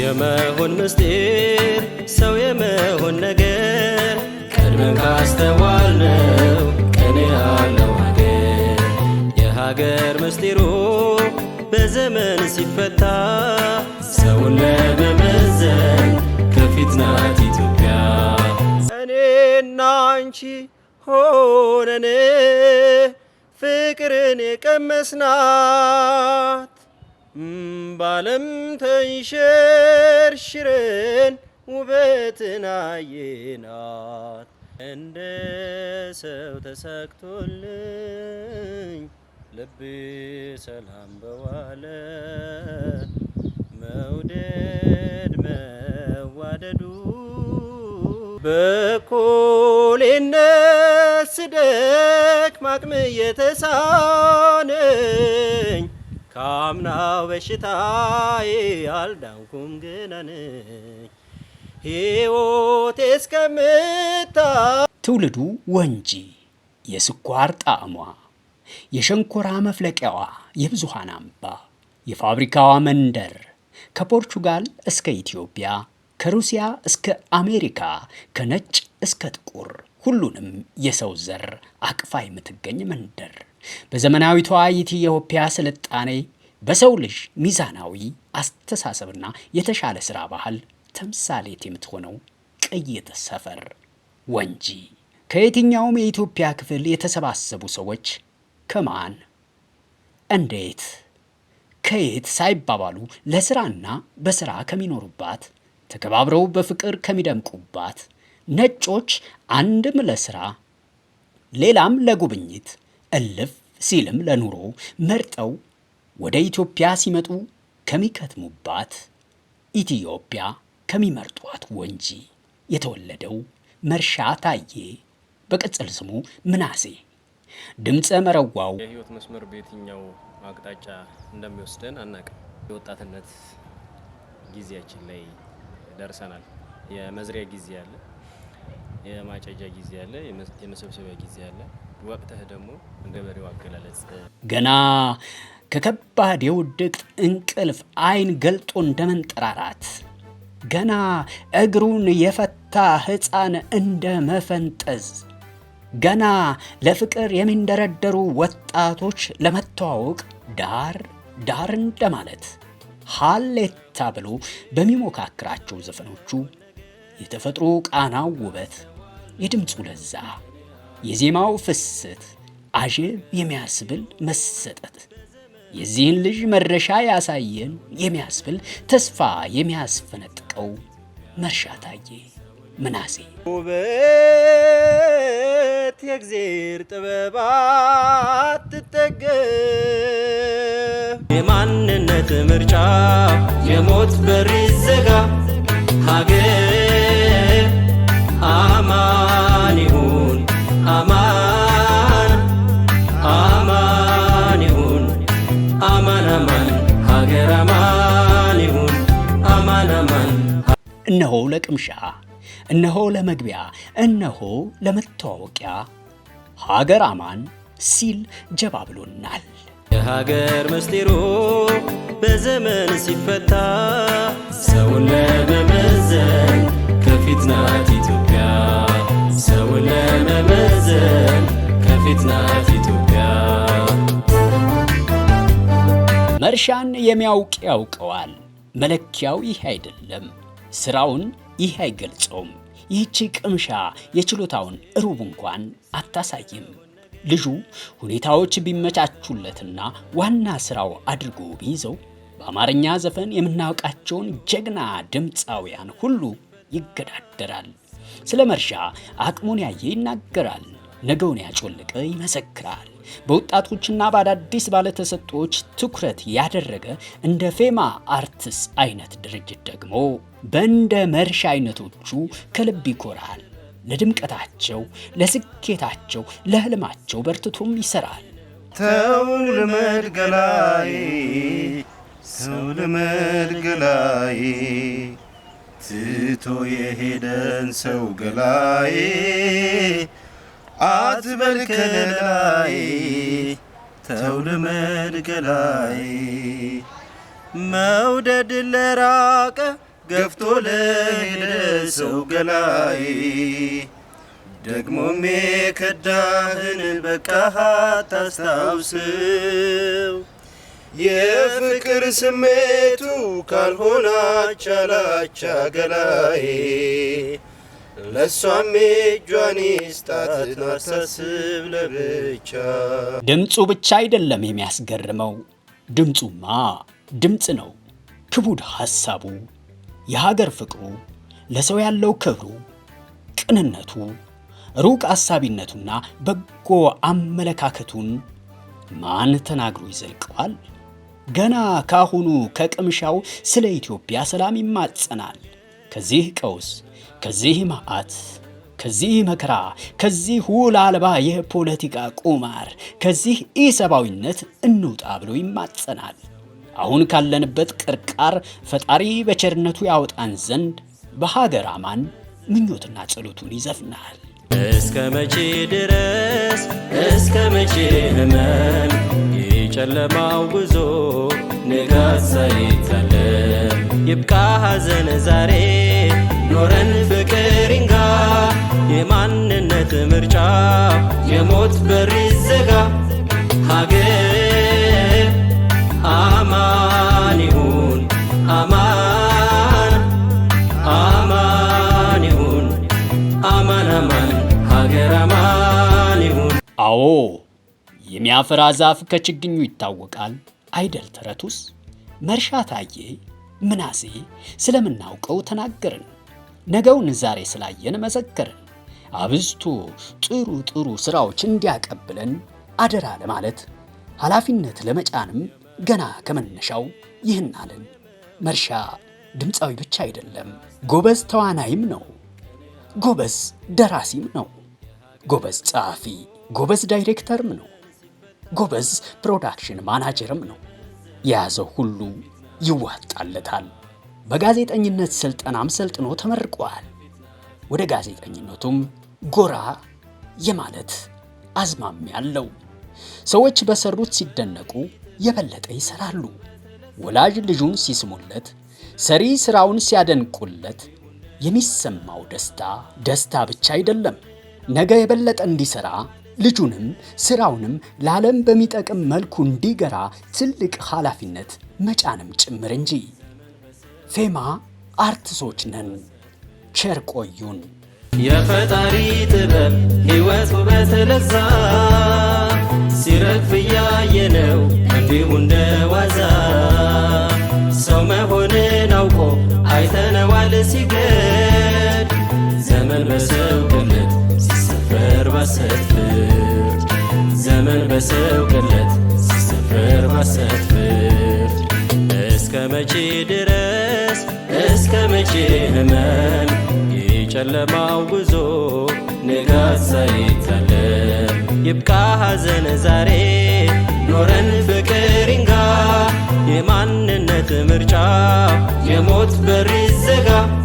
የመሆን ምስጢር ሰው የመሆን ነገር ቀድመን ካስተዋል ነው ቀን ያለው ሀገር የሀገር ምስጢሩ በዘመን ሲፈታ ሰውን ለመመዘን ከፊት ናት ኢትዮጵያ። እኔና አንቺ ሆነን ፍቅርን የቀመስናት ባለም ተንሸርሽረን ውበትን አየናት እንደ ሰው ተሳክቶልኝ ልብ ሰላም በዋለ መውደድ መዋደዱ በኮሌነት ስደክ ማቅም የተሳነኝ ከአምናው በሽታዬ አልዳንኩም ግና ነኝ እስከምታ ትውልዱ ወንጂ የስኳር ጣዕሟ የሸንኮራ መፍለቂያዋ የብዙሃን አምባ የፋብሪካዋ መንደር ከፖርቹጋል እስከ ኢትዮጵያ ከሩሲያ እስከ አሜሪካ ከነጭ እስከ ጥቁር ሁሉንም የሰው ዘር አቅፋ የምትገኝ መንደር በዘመናዊቷ የኢትዮጵያ ስልጣኔ በሰው ልጅ ሚዛናዊ አስተሳሰብና የተሻለ ስራ ባህል ተምሳሌት የምትሆነው ቅይጥ ሰፈር ወንጂ ከየትኛውም የኢትዮጵያ ክፍል የተሰባሰቡ ሰዎች ከማን እንዴት ከየት ሳይባባሉ ለስራና በስራ ከሚኖሩባት ተከባብረው በፍቅር ከሚደምቁባት ነጮች አንድም ለስራ ሌላም ለጉብኝት እልፍ ሲልም ለኑሮ መርጠው ወደ ኢትዮጵያ ሲመጡ ከሚከትሙባት ኢትዮጵያ ከሚመርጧት ወንጂ የተወለደው መርሻ ታዬ በቅጽል ስሙ ምናሴ ድምፀ መረዋው የህይወት መስመር በየትኛው አቅጣጫ እንደሚወስደን አናቅም። የወጣትነት ጊዜያችን ላይ ደርሰናል። የመዝሪያ ጊዜ አለ፣ የማጨጃ ጊዜ አለ፣ የመሰብሰቢያ ጊዜ አለ። ወቅትህ ደግሞ እንደ አገላለጽ ገና ከከባድ የውድቅት እንቅልፍ አይን ገልጦ እንደመንጠራራት ገና እግሩን የፈታ ሕፃን እንደ መፈንጠዝ ገና ለፍቅር የሚንደረደሩ ወጣቶች ለመተዋወቅ ዳር ዳር እንደማለት ሀሌታ ብሎ በሚሞካክራቸው ዘፈኖቹ የተፈጥሮ ቃናው ውበት፣ የድምፁ ለዛ የዜማው ፍሰት አጀብ የሚያስብል መሰጠት የዚህን ልጅ መድረሻ ያሳየን የሚያስብል ተስፋ የሚያስፈነጥቀው መርሻ ታዬ ምናሴ ውበት የእግዜር ጥበብ አትጠገብ የማንነት ምርጫ የሞት በር ይዘጋ እነሆ ለቅምሻ፣ እነሆ ለመግቢያ፣ እነሆ ለመተዋወቂያ ሀገር አማን ሲል ጀባ ብሎናል። የሀገር ምስጢሩ በዘመን ሲፈታ ሰውን ለመመዘን ከፊት ናት ኢትዮጵያ። ሰውን ለመመዘን ከፊት ናት ኢትዮጵያ። መርሻን የሚያውቅ ያውቀዋል፣ መለኪያው ይህ አይደለም። ስራውን ይህ አይገልጸውም። ይህቺ ቅምሻ የችሎታውን ሩብ እንኳን አታሳይም። ልጁ ሁኔታዎች ቢመቻቹለትና ዋና ስራው አድርጎ ቢይዘው በአማርኛ ዘፈን የምናውቃቸውን ጀግና ድምፃውያን ሁሉ ይገዳደራል። ስለ መርሻ አቅሙን ያየ ይናገራል። ነገውን ያጮልቀ ይመሰክራል። በወጣቶችና በአዳዲስ ባለተሰጦች ትኩረት ያደረገ እንደ ፌማ አርትስ አይነት ድርጅት ደግሞ በእንደ መርሻ አይነቶቹ ከልብ ይኮራል። ለድምቀታቸው፣ ለስኬታቸው፣ ለህልማቸው በርትቶም ይሰራል። ተው ልመድ ሰው ልመድ ትቶ የሄደን ሰው ገላይ አትበል ከላይ ተውልመድ ከላይ መውደድ ለራቀ ገፍቶ ለሄደ ሰው ገላይ ደግሞም የከዳህን በቃህ ታስታውስው የፍቅር ስሜቱ ካልሆነ አቻላቻ ገላይ ለሷም እጇን ይስጣት ለብቻ። ድምፁ ብቻ አይደለም የሚያስገርመው፣ ድምፁማ ድምፅ ነው። ክቡድ ሐሳቡ፣ የሀገር ፍቅሩ፣ ለሰው ያለው ክብሩ፣ ቅንነቱ፣ ሩቅ አሳቢነቱና በጎ አመለካከቱን ማን ተናግሮ ይዘልቀዋል? ገና ካሁኑ ከቅምሻው ስለ ኢትዮጵያ ሰላም ይማጸናል። ከዚህ ቀውስ፣ ከዚህ መዓት፣ ከዚህ መከራ፣ ከዚህ ውል አልባ የፖለቲካ ቁማር፣ ከዚህ ኢሰብአዊነት እንውጣ ብሎ ይማጸናል። አሁን ካለንበት ቅርቃር ፈጣሪ በቸርነቱ ያወጣን ዘንድ በሀገር አማን ምኞትና ጸሎቱን ይዘፍናል። እስከ መቼ ድረስ እስከ መቼ ህመም የጨለማው ጉዞ ንጋት ሳይታል ይብቃ ሐዘን ዛሬ ኖረን ፍቅር ይንጋ የማንነት ምርጫ የሞት በር ይዘጋ ሀገር አማን ይሁን አማን አማን ይሁን አማን አማን ሀገር አማን ይሁን አዎ የሚያፈራ ዛፍ ከችግኙ ይታወቃል አይደል ተረቱስ መርሻ ታዬ ምናሴ ስለምናውቀው ተናገርን። ነገውን ዛሬ ስላየን መሰከርን። አብዝቶ ጥሩ ጥሩ ስራዎች እንዲያቀብለን አደራ ለማለት ኃላፊነት ለመጫንም ገና ከመነሻው ይህን አለን። መርሻ ድምፃዊ ብቻ አይደለም፣ ጎበዝ ተዋናይም ነው። ጎበዝ ደራሲም ነው። ጎበዝ ጸሐፊ፣ ጎበዝ ዳይሬክተርም ነው። ጎበዝ ፕሮዳክሽን ማናጀርም ነው። የያዘው ሁሉ ይዋጣለታል። በጋዜጠኝነት ስልጠናም ሰልጥኖ ተመርቋል። ወደ ጋዜጠኝነቱም ጎራ የማለት አዝማሚያ አለው። ሰዎች በሰሩት ሲደነቁ የበለጠ ይሰራሉ። ወላጅ ልጁን ሲስሙለት፣ ሰሪ ስራውን ሲያደንቁለት የሚሰማው ደስታ ደስታ ብቻ አይደለም፣ ነገ የበለጠ እንዲሰራ ልጁንም ስራውንም ለዓለም በሚጠቅም መልኩ እንዲገራ ትልቅ ኃላፊነት መጫንም ጭምር እንጂ። ፌማ አርትሶች ነን። ቸር ቆዩን። የፈጣሪ ጥበብ ሕይወት ውበት ለዛ ሲረግፍ እያየነው እንዲሁ እንደዋዛ ሰው መሆንን አውቆ አይተነዋል ሲገድ ዘመን በሰ ማሰት ፍርድ ዘመን በሰው ቅለት ሲሰፍር ማሰት እስከ መቼ ድረስ እስከ መቼ ህመም የጨለማው ጉዞ ንጋት ሳይታለም ይብቃ ሐዘን ዛሬ ኖረን ፍቅር ይንጋ የማንነት ምርጫ የሞት በር ይዘጋ